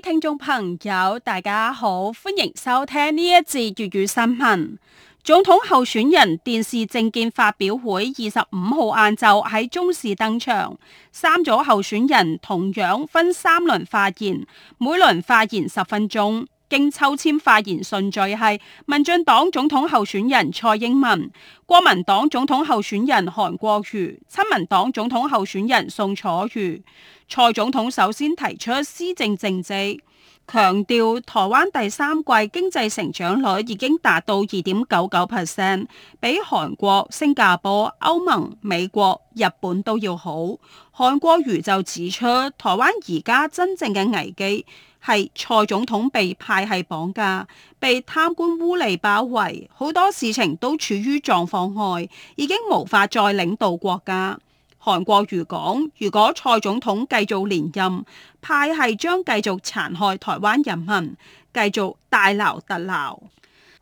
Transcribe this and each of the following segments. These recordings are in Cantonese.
聽眾朋友，大家好，歡迎收聽呢一節粵語新聞。總統候選人電視政見發表會二十五號晏晝喺中視登場，三組候選人同樣分三輪發言，每輪發言十分鐘。經抽簽發言順序係民進黨總統候選人蔡英文、國民黨總統候選人韓國瑜、親民黨總統候選人宋楚瑜。蔡總統首先提出施政政績。強調台灣第三季經濟成長率已經達到二點九九 percent，比韓國、新加坡、歐盟、美國、日本都要好。韓國瑜就指出，台灣而家真正嘅危機係蔡總統被派系綁架，被貪官污吏包圍，好多事情都處於狀況外，已經無法再領導國家。韓國瑜講，如果蔡總統繼續連任，派系將繼續殘害台灣人民，繼續大鬧特鬧。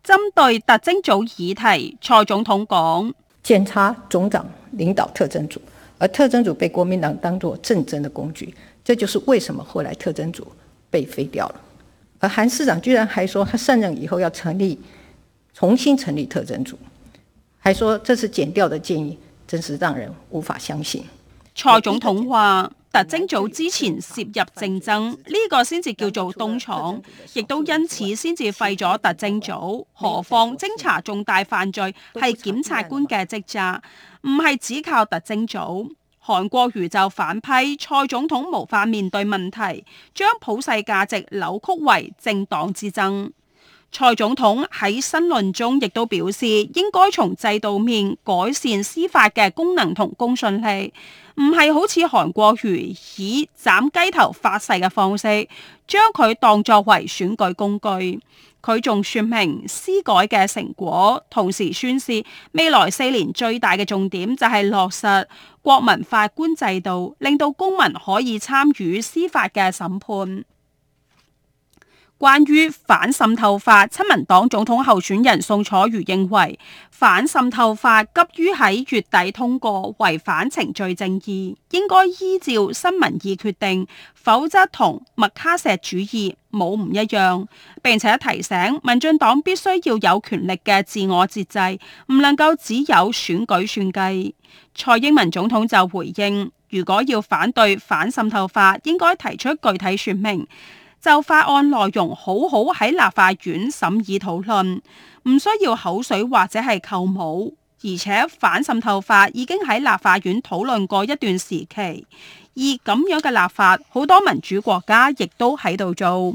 針對特偵組議題，蔡總統講：檢察總長領導特偵組，而特偵組被國民黨當做政爭的工具，這就是為什麼後來特偵組被廢掉了。而韓市長居然還說他上任以後要成立、重新成立特偵組，還說這是檢調的建議。真是讓人無法相信。蔡總統話特偵組之前涉入政爭，呢、這個先至叫做東廠，亦都因此先至廢咗特偵組。何況偵查重大犯罪係檢察官嘅職責，唔係只靠特偵組。韓國瑜就反批蔡總統無法面對問題，將普世價值扭曲為政黨之爭。蔡總統喺新論中亦都表示，應該從制度面改善司法嘅功能同公信力，唔係好似韓國瑜以斬雞頭發誓嘅方式，將佢當作為選舉工具。佢仲說明司改嘅成果，同時宣示未來四年最大嘅重點就係落實國民法官制度，令到公民可以參與司法嘅審判。關於反滲透法，親民黨總統候選人宋楚瑜認為反滲透法急於喺月底通過，違反程序正義，應該依照新民意決定，否則同麥卡錫主義冇唔一樣，並且提醒民進黨必須要有權力嘅自我節制，唔能夠只有選舉算計。蔡英文總統就回應：如果要反對反滲透法，應該提出具體說明。就法案內容好好喺立法院審議討論，唔需要口水或者係扣帽，而且反滲透法已經喺立法院討論過一段時期，而咁樣嘅立法，好多民主國家亦都喺度做。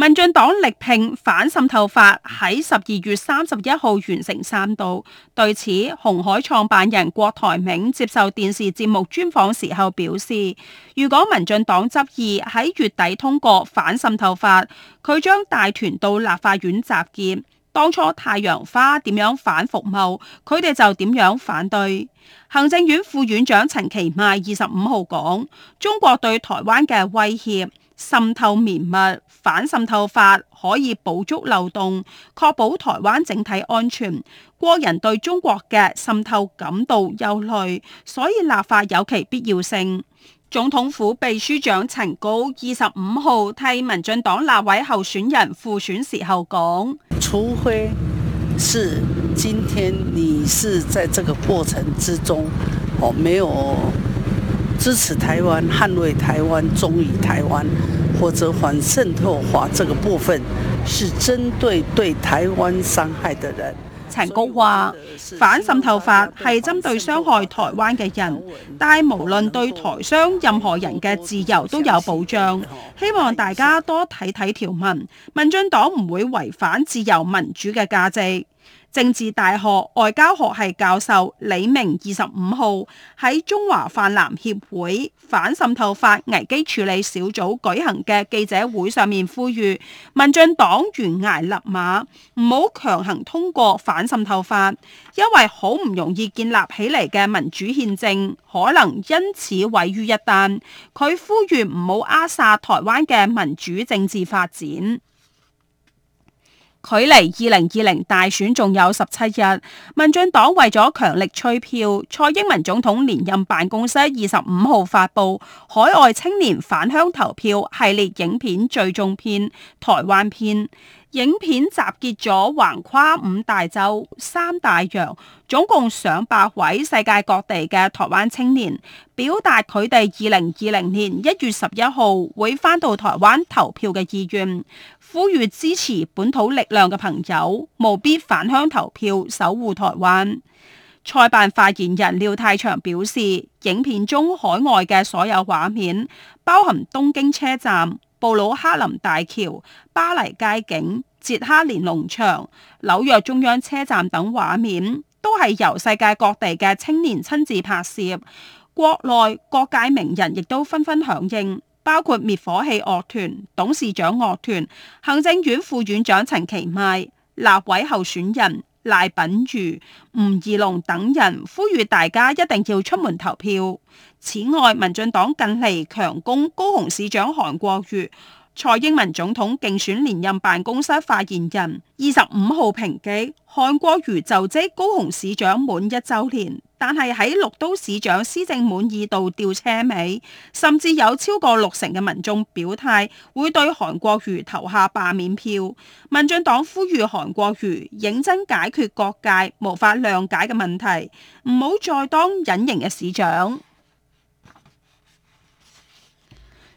民進黨力拼反滲透法喺十二月三十一號完成三讀。對此，鴻海創辦人郭台銘接受電視節目專訪時候表示：如果民進黨執意喺月底通過反滲透法，佢將帶團到立法院集結。當初太陽花點樣反服貿，佢哋就點樣反對。行政院副院長陳其邁二十五號講：中國對台灣嘅威脅滲透綿密。反滲透法可以補足漏洞，確保台灣整體安全。國人對中國嘅滲透感到憂慮，所以立法有其必要性。總統府秘書長陳菊二十五號替民進黨立委候選人輔選時候講：除非是今天你是在這個過程之中，我沒有支持台灣、捍衛台灣、忠於台灣。或者反滲透法這個部分，是針對對台灣傷害的人。陳菊話反滲透法係針對傷害台灣嘅人，但無論對台商任何人嘅自由都有保障。希望大家多睇睇條文，民進黨唔會違反自由民主嘅價值。政治大學外交學系教授李明二十五號喺中華泛藍協會反滲透法危機處理小組舉行嘅記者會上面呼籲，民進黨懸崖勒馬，唔好強行通過反滲透法，因為好唔容易建立起嚟嘅民主憲政可能因此毀於一旦。佢呼籲唔好扼殺台灣嘅民主政治發展。距離二零二零大選仲有十七日，民進黨為咗強力催票，蔡英文總統連任辦公室二十五號發布海外青年返鄉投票系列影片，最終篇台灣片」台灣片。影片集結咗橫跨五大洲、三大洋，總共上百位世界各地嘅台灣青年，表達佢哋二零二零年一月十一號會返到台灣投票嘅意願，呼籲支持本土力量嘅朋友務必返鄉投票守護，守護台灣。蔡辦發言人廖太祥表示，影片中海外嘅所有畫面，包含東京車站。布魯克林大橋、巴黎街景、捷克連農場、紐約中央車站等畫面，都係由世界各地嘅青年親自拍攝。國內各界名人亦都紛紛響應，包括滅火器樂團、董事長樂團、行政院副院長陳其邁、立委候選人。賴品如、吳怡龍等人呼籲大家一定要出門投票。此外，民進黨近嚟強攻高雄市長韓國瑜，蔡英文總統競選連任辦公室發言人二十五號抨擊，韓國瑜就職高雄市長滿一周年，但係喺六都市長施政滿意度吊車尾，甚至有超過六成嘅民眾表態會對韓國瑜投下罷免票。民進黨呼籲韓國瑜認真解決各界無法諒解嘅問題，唔好再當隱形嘅市長。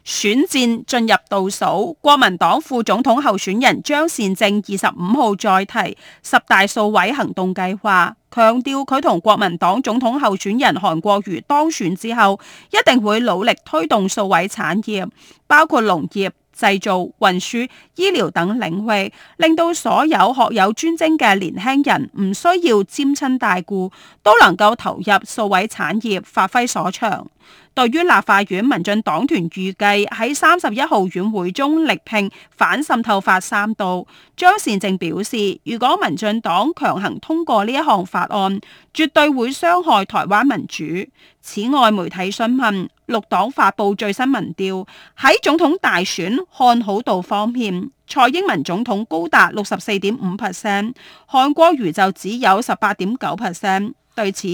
選戰進入倒數，國民黨副總統候選人張善政二十五號再提十大數位行動計劃。強調佢同國民黨總統候選人韓國瑜當選之後，一定會努力推動數位產業，包括農業。製造、運輸、醫療等領域，令到所有學有專精嘅年輕人唔需要沾親帶故，都能夠投入數位產業發揮所長。對於立法院民進黨團預計喺三十一號院會中力拼反滲透法三讀，張善政表示：如果民進黨強行通過呢一項法案，絕對會傷害台灣民主。此外，媒體詢問。六黨發布最新民調，喺總統大選看好度方面，蔡英文總統高達六十四點五 percent，韓國瑜就只有十八點九 percent。對此，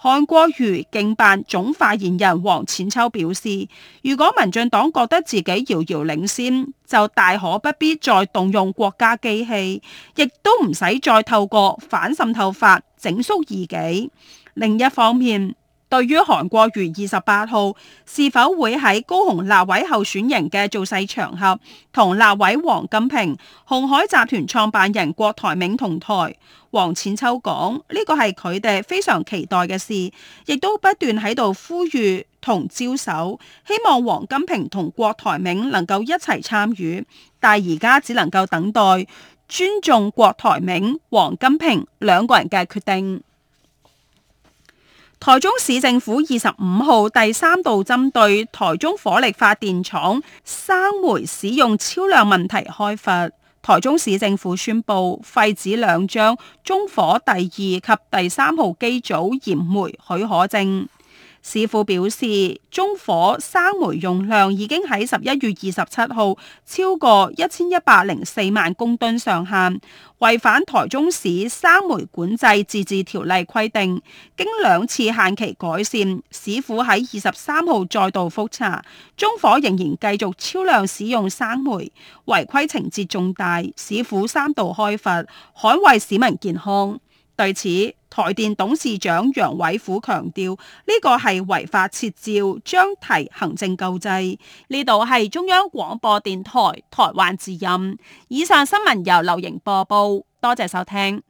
韓國瑜競辦總發言人黃淺秋表示，如果民進黨覺得自己遙遙領先，就大可不必再動用國家機器，亦都唔使再透過反滲透法整肅異己。另一方面，對於韓國瑜二十八號是否會喺高雄立委候選人嘅造勢場合同立委王金平、鴻海集團創辦人郭台銘同台，王淺秋講呢個係佢哋非常期待嘅事，亦都不斷喺度呼籲同招手，希望王金平同郭台銘能夠一齊參與，但而家只能夠等待尊重郭台銘、王金平兩個人嘅決定。台中市政府二十五號第三度針對台中火力發電廠生煤使用超量問題開罰，台中市政府宣布廢止兩張中火第二及第三號機組燃煤許可證。市府表示，中火生煤用量已經喺十一月二十七號超過一千一百零四萬公噸上限，違反台中市生煤管制自治條例規定。經兩次限期改善，市府喺二十三號再度複查，中火仍然繼續超量使用生煤，違規情節重大。市府三度開罰，捍衛市民健康。對此，台電董事長楊偉虎強調，呢、這個係違法撤照，將提行政救濟。呢度係中央廣播電台台灣之音。以上新聞由劉瑩播報，多謝收聽。